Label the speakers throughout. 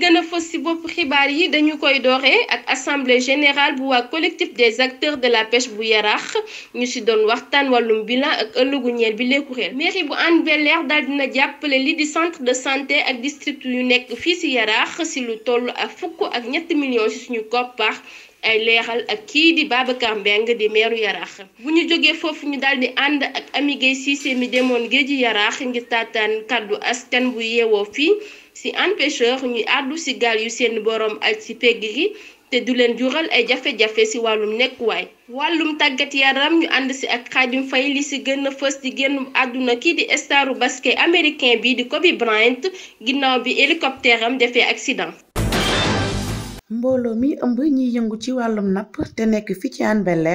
Speaker 1: gëna a ci bop xibaar yi dañu koy doxé ak assemblée générale bu wa collectif des acteurs de la pêche bu yaraax ñu ci doon waxtaan walum bilan ak ëllugu ñeel bi lee kuréel mairie bu Hann Bel-Air dina jàppale li di centre de santé ak district yu nekk fi ci yaraax ci lu tollu ak fukk ak ñetti millions ci suñu koppar. ay leexal ak kii di Babacar Mbeng di meeru yaraax bu ñu jógee foofu ñu daal di ànd ak Ami Gueye Cissé mi demoon géeji yaraax ngir taataan kàddu askan bu yeewoo fii ci empêcheur ñuy àddu ci gaal yu seen boroom aj ci pegg yi te du leen jural ay jafe-jafe ci wàllum nekkuwaay wàllum tàggat yaram ñu ànd ci ak Xaadim Fay li ci gën fës di génn àdduna kii di staru basket americain bi di Kobe Bryant ginnaaw bi hélicoptère am defee accident.
Speaker 2: mbooloo mi ëmb ñiy yëngu ci wàllum napp te nekk fi ci Hann bel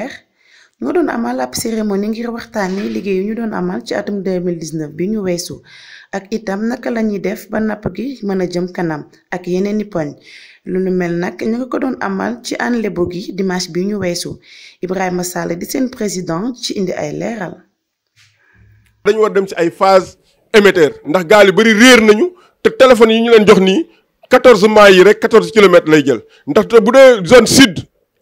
Speaker 2: ñoo doon amal ab cérémonie ngir waxtaane liggéey yu ñu doon amal ci atum 2019 bi ñu weesu ak itam naka lañuy def ba napp gi mën a jëm kanam ak yeneen i poñ lu nu mel nag ñu ngi ko doon amal ci aan lebo gi dimanche bi ñu weesu Ibrahima Sall di seen président ci indi ay leeral.
Speaker 3: dañu war dem ci ay phase émetteur ndax gaal yu bari réer nañu te téléphone yi ñu leen jox nii 14 mois yi rek 14 kilomètres lay jël ndax bu dee zone sud.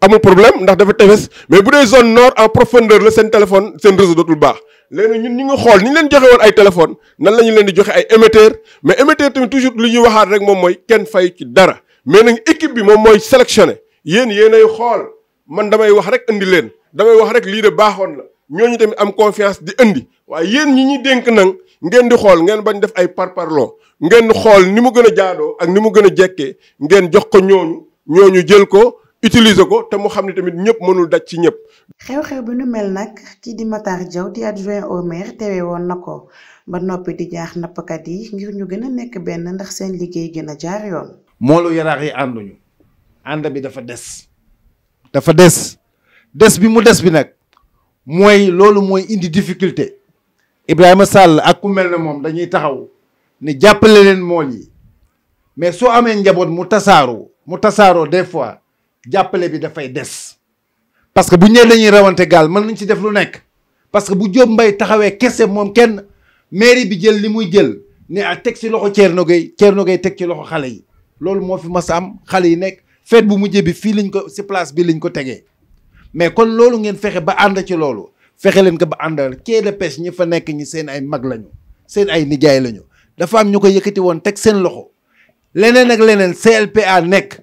Speaker 3: amul problème ndax dafa tefes mais bu zone nord en profondeur le sen téléphone sen réseau dotul baax léegi ñun ñi nga xol ni ñu leen joxe won ay téléphone nan lañu leen di joxe ay émetteur mais émetteur tamit toujours lu ñuy waxaat rek mom moy kenn fay ci dara mais nag équipe bi mom moy sélectionné yeen yeenay xol man damay wax rek indi leen damay wax rek li de baaxoon la ñoñu tamit am confiance di indi waye yeen ñi ñi denk nag ngeen di xol ngeen bañ def ay parlo ngeen xol ni mu gëna jaado ak ni mu gëna jekke ngeen jox ko ñoñu ñoñu jël ko utiliser ko te mu xam ne tamit ñëpp mënul daj ci ñëpp.
Speaker 2: xew-xew bi nu mel nag kii di Matar Diaw di adjoint au maire teewe woon na ko ba noppi di jaax nappkat yi ngir ñu gën a nekk benn ndax seen liggéey gën a jaar yoon.
Speaker 4: moolu yaraax yi ànduñu ànd bi dafa des. dafa des des bi mu des bi nag mooy loolu mooy indi difficulté Ibrahima Sall ak ku mel ne moom dañuy taxaw ne jàppale leen mool yi mais soo amee njaboot mu tasaaroo mu tasaaroo des fois. jàppale bi dafay des parce que bu ñëwee lañuy rawante gaal mën nañ ci def lu nekk parce que bu Diop mbay taxawee kese moom kenn mairie bi jël li muy jël ne a ah teg ci loxo Thierno Gueye Thierno Gueye teg ci loxo xale yi loolu moo fi mas a am xale yi nekk fête bu mujjee bi fii lañ ko ci bi lañ ko tegee mais kon loolu ngeen fexe ba ànd ci loolu fexe leen ko ba àndal quai de pêche ñi fa nekk ñi seen ay mag lañu seen ay nijaay lañu dafa am ñu ko yëkkati woon teg seen loxo leneen ak leneen CLPA nekk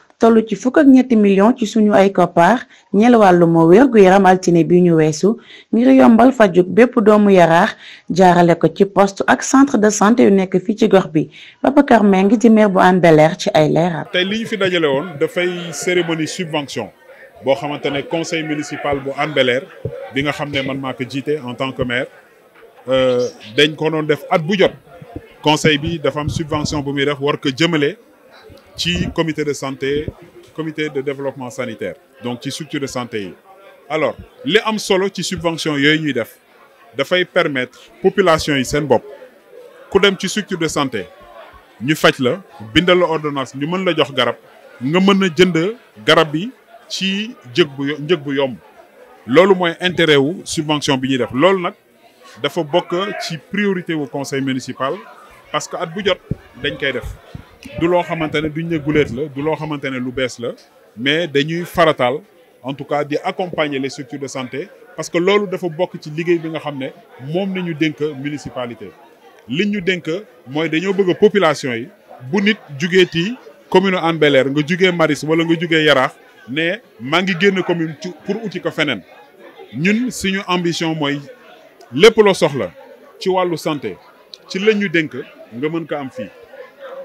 Speaker 2: toll ci fukk ak ñetti million ci suñu ay koppar ñel wàllu ma gu yaram altine bi ñu weesu ngir yombal fajug bépp doomu yaraax jaarale ko ci poste ak centre de santé yu nekk fii ci gox bi Babacar Mbengue di maire bu Hann bel ci ay leeral
Speaker 3: tey li ñu fi dajale woon dafay cérémonie subvention boo xamante ne conseil municipal bu Hann bel bi nga xam ne man maa ko jiite en tant que maire euh, dañ ko doon def at bu jot conseil bi dafa am subvention bu muy def war ko jëmale ci comité de santé comité de développement sanitaire donc ci structure de santé alors li am solo ci subvention yoy ñuy def fay permettre population yi sen bop ku dem ci structure de santé ñu faisons la bindal la ordonnance ñu mën la jox garab nga mën a jënd garab bi ci jëg bu njëg bu yomb loolu mooy intérêt wu subvention bi ñuy def loolu nag dafa bokk ci priorité au conseil municipal parce que at bu jot dañ koy def du lo xamantene ne duñ ne guleet la du lo xamantene lu bess la mais dañuy faratal en tout cas di accompagner les structures de santé parce que lolu dafa bokk ci liguey bi nga xam mom moom denk municipalité. liñ ñu dénk mooy dañoo bëgg population yi bu nit jugee ti commune en bel nga jugee Maris wala nga jugee Yaraax ne ma ngi génn commune pour outil ko fenen ñun suñu ambition moy lepp lo soxla ci walu santé ci lañu denk nga mën ko am fi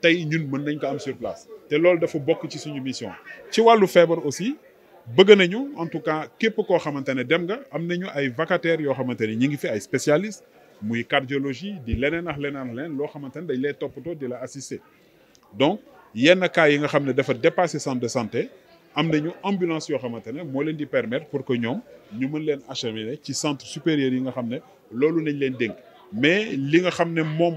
Speaker 3: tay ñun mën nañ ko am sur place té loolu dafa bokk ci suñu mission ci walu fièvre aussi bëgg nañu en tout cas képp koo xamante dem nga am nañu ay vacataires yoo xamante ñi ngi fi ay spécialistes muy cardiologie di leneen ak leneen ak leneen loo xamante dañ lay toppatoo di la assister donc yenn cas yi nga xam ne dafa dépasser centre de santé am nañu ambulance yoo xamante ne moo leen di permettre pour que ñoom ñu mën leen acheminer ci centre supérieur yi nga xam ne loolu nañ leen dénk mais li nga xam ne moom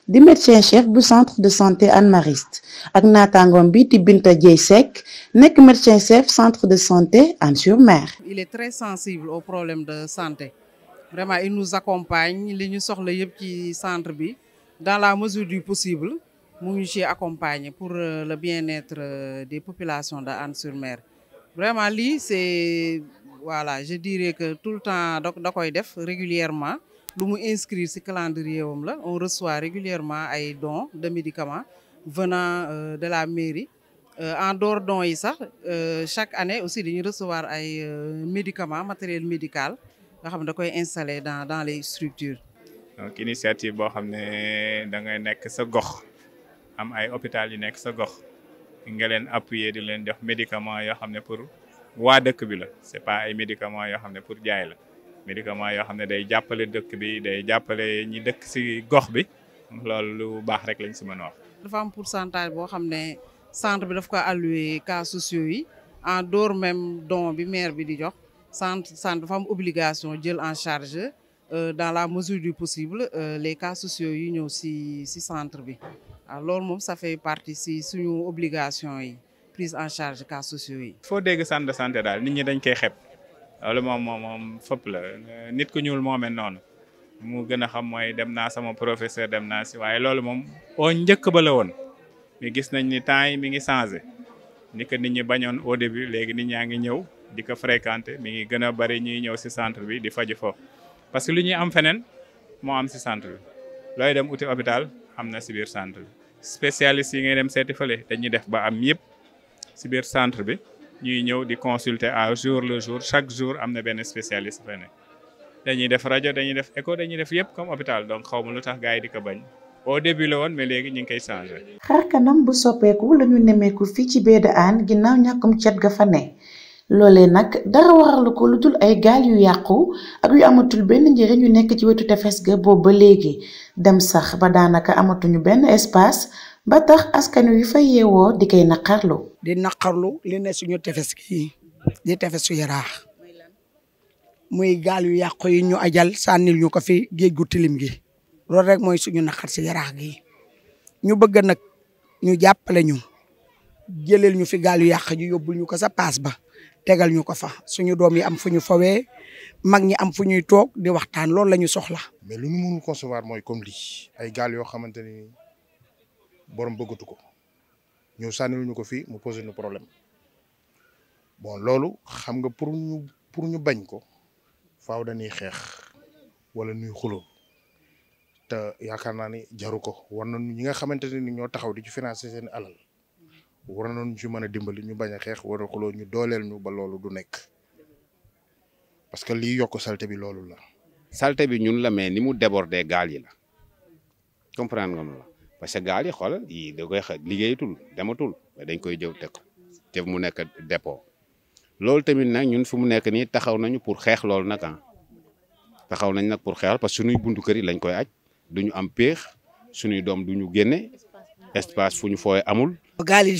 Speaker 2: du médecin chef du centre de santé anne Mariste ak natangom bi ti Binta Djeysek nek médecin chef centre de santé anne sur Mer.
Speaker 5: il est très sensible aux problèmes de santé vraiment il nous accompagne li ñu soxla ci centre bi dans la mesure du possible mu ngi ci pour euh, le bien-être euh, des populations de anne sur Mer vraiment lui, c'est voilà je dirais que tout le temps da koy def régulièrement nous inscrire ci calendrier la on reçoit régulièrement des dons de médicaments venant euh, de la mairie euh, en dehors de euh, ça, chaque année aussi dañuy recevoir ay médicaments matériel médical nga xam installer dans dans les structures.
Speaker 6: donc l'initiative c'est que vous da ngay nekk sa gox am ay hôpital vous nekk sa gox nga appuyer di leen jox médicaments yoo xam pour waa dëkk bi la c'est pas ay médicaments pour jaay médicament yoo xam ne day jàppale dëkk bi day jàppale ñi dëkk si gox bi loolu lu baax rek lañ si mën a wax.
Speaker 5: dafa am pourcentage boo xam ne centre bi daf ko alloué cas sociaux yi en dehors même don bi maire bi di jox centre centre dafa am obligation jël en charge euh, dans la mesure du possible euh, les cas sociaux yi ñëw si si centre bi alors ah, loolu moom ça fait partie si suñu obligation yi prise en charge cas sociaux yi.
Speaker 6: foo dégg centre de santé daal nit ñi dañ koy xeeb. loolu moom moom moom fëpp la nit ku ñuul moo mel noonu mu gën a xam mooy dem naa sama professeur dem naa si waaye loolu moom au njëkk ba la woon mais gis nañ ni temps yi mi ngi changé ni ko nit ñi bañoon au début léegi nit ñaa ngi ñëw di ko fréquenter mi ngi gën a bari ñuy ñëw si centre bi di faju fo parce que lu ñuy am feneen moo am si centre bi looy dem uti hôpital am na si biir centre bi spécialiste yi ngay dem seeti fële dañuy def ba am yëpp si biir centre bi ñuy ñëw di consulter à jour le jour chaque jour am na benn spécialiste fa ne dañuy def rajo dañuy def écho dañuy def yëpp comme hôpital donc xaw ma lu tax gars yi di ko bañ au début la woon mais léegi ñu ngi koy changé.
Speaker 2: xar kanam bu soppeeku la ñu nemmeeku fii ci baie de Hann ginnaaw ñàkkum cet ga fa ne loolee nag dara waralu ko lu dul ay gaal yu yàqu ak yu amatul benn njëriñ yu nekk ci wetu tefes ga boobu ba léegi dem sax ba daanaka amatuñu benn espace. ba tax askan wi fa yeewoo di koy
Speaker 5: naqarlu di naqarlu li ne suñu tefes gii di tefesu yaraax muy gaal yu yàqu yi ñu ajal sànnil ñu ko fi géej gu tilim gi loolu rek mooy suñu naqar si yaraax gi ñu bëgg nag ñu jàppale ñu jëleel ñu fi gaal yu yàq ñu yóbbul ñu ko sa paas ba tegal ñu ko fa suñu doom yi am fu ñu fawee mag ñi am fu ñuy toog di waxtaan loolu la ñu soxla.
Speaker 4: mais lu ñu mënul concevoir mooy comme ay gaal yoo xamante ni borom bëggatu ko ñu sànniwuñu ko fii mu posé ñu problème bon loolu xam nga pour ñu pour ñu bañ ko faaw dañuy xeex wala ñuy xulo te yaakaar naa ni jaru ko war nañu ñi nga xamante ne ni ñoo taxaw di ci financer seen alal war nañu ci mën a dimbali ñu bañ a xeex wala xuloo ñu dooleel ñu ba loolu du nekk parce que lii yokk salte bi loolu la.
Speaker 7: salte bi ñun la mais ni mu débordee gaal yi la comprendre nga la. parce que gaal yi xoolal yii da koy xa liggéeyatul dematul dañ koy jëw teg ko te mu nekk dépôt loolu tamit nag ñun fu mu nekk nii taxaw nañu pour xeex loolu nag ah taxaw nañ nag pour xeexal parce que suñuy buntu kër yi lañ koy aj ñu am péex suñuy doom ñu génne espace fu ñu fooy amul.
Speaker 5: gaal yi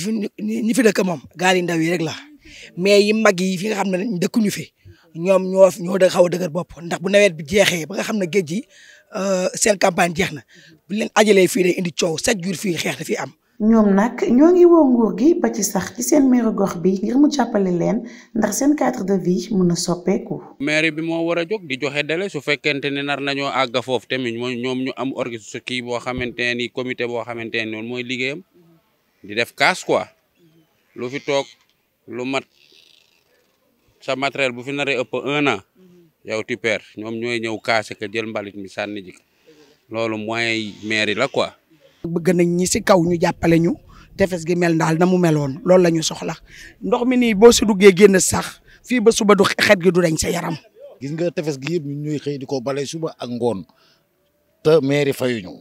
Speaker 5: ñi fi dëkk moom gaal yi ndaw yi rek la mais yi mag yi fi nga xam ne dëkkuñu fi ñoom ñoo ñoo xaw a dëgër bopp ndax bu nawet bi jeexee ba nga xam ne géej gi Euh, seen campagne jeex na mhm. bu leen ajalee fii day indi coow chaque jour fii xeex dafii am.
Speaker 2: ñoom nag ñoo ngi woo nguur gi ba ci sax ci seen meeru gox bi ngir mu jàppale leen ndax seen cadre de vie mun a soppeeku.
Speaker 7: maire bi moo war a jóg di joxe délai su fekkente ne nar nañoo àgg foofu tamit mooy ñoom ñu am organisation kii boo xamante ni comité boo xamante ne noonu mooy liggéeyam di def kaas quoi lu fi toog lu mat sa matériel bu fi naree ëpp un an. Mhm. yow ti per ñoom ñooy ñëw kaase ka jël mbalit mi sànni ji loolu mooy mairie la quoi.
Speaker 5: bëgg nañ ñi si kaw ñu jàppale ñu tefes gi mel daal na mu meloon loolu la ñu soxla ndox mi nii boo si duggee génn sax fii ba suba du xet gi du dañ sa yaram.
Speaker 4: gis nga tefes gi yëpp ñun ñuy xëy di ko bale suba ak ngoon te mairie fayuñu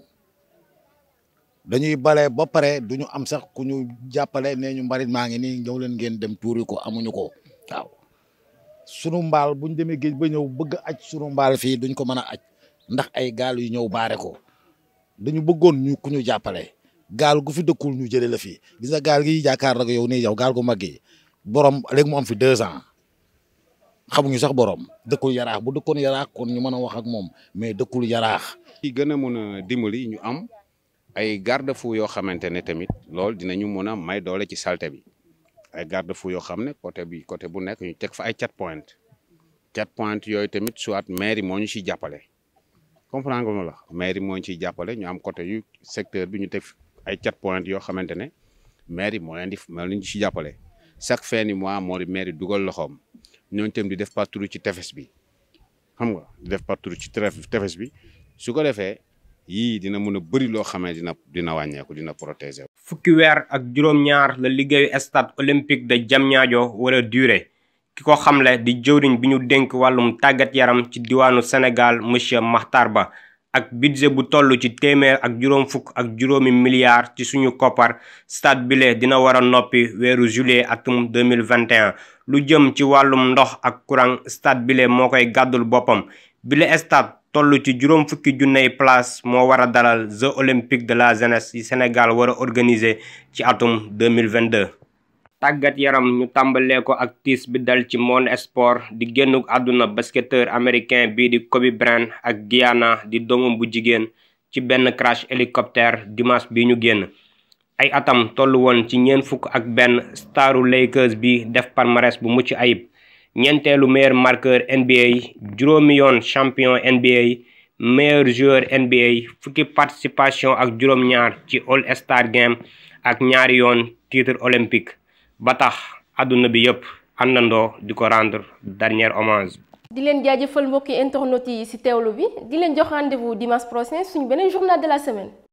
Speaker 4: dañuy bale ba pare du ñu am sax ku ñu jàppale nee ñu mbarit maa ngi nii ñëw leen ngeen dem tuuri ko amuñu ko waaw. sunu mbaal buñ demee géej ba ñëw bëgg aj sunu mbaal fii duñ ko mën a aj ndax ay gaal yu ñëw baare ko dañu bëggoon ñu ku ñu jàppale gaal gu fi dëkkul ñu jëlee la fii gis gaal gi jaakaar nag yow nii yow gaal gu mag yi borom léegi mu am fi deux ans xamuñu sax borom dëkkul yaraax bu dëkkoon yaraax kon ñu mën a wax ak moom mais dëkkul yaraax. yi gën a mun a dimbali
Speaker 7: ñu am ay garde-fou yoo xamante ne tamit loolu dinañu mun a may doole ci salte bi. ay garde fou yoo xam ne côté bi côté bu nekk ñu teg fa ay chat point chat point yooyu tamit soit mairie moo ñu siy jàppale comprendre nga ma la mairie moo ñu siy jàppale ñu am côté yu secteur bi ñu teg ay chat point yoo xamante ne mairie moo leen di moo leen si jàppale chaque fin du mois moo di mairie dugal loxoom ñooñu tam di def partout ci tefes bi xam nga di def partout ci tefes bi su ko defee. yii dina mën a bëri loo xamee dina dina wàññeeku dina protéger.
Speaker 8: fukki weer ak juróom-ñaar la liggéeyu stade olympique de Diamniadio war a duré ki ko xamle di jëwriñ bi ñu dénk wàllum tàggat yaram ci diwaanu senegal monsieur maxtar Ba ak budget bu toll ci téeméer ak juróom ak juróomi milliards ci suñu koppar stade bile dina war a noppi weeru juillet atum 2021 lu jëm ci wàllum ndox ak courant stade bile moo koy gàddul boppam bile stade. tollu ci juróom fukki junney place moo war a dalal the olympique de la jeunesse yi Sénégal war a organiser ci atum 2022 tàggat yaram ñu tàmbalee ko ak tiis bi dal ci monde sport di génn àdduna basketteur américain bii di Kobe Bryant ak Gianna di doomam bu jigéen ci benn crash hélicoptère dimanche bi ñu génn ay atam tollu woon ci ñeen fukk ak benn staru Lakers bi def palmarès bu mucc ayib le meilleur marqueur NBA juróomi champion NBA meilleur joueur NBA fukki participation ak juróom-ñaar ci All Star Game ak ñaari titre olympique ba tax àdduna bi yëpp àndandoo diko rendre dernier hommage.
Speaker 1: di leen mbokki internet yi ci bi rendez-vous dimanche prochain suñu journal de la semaine.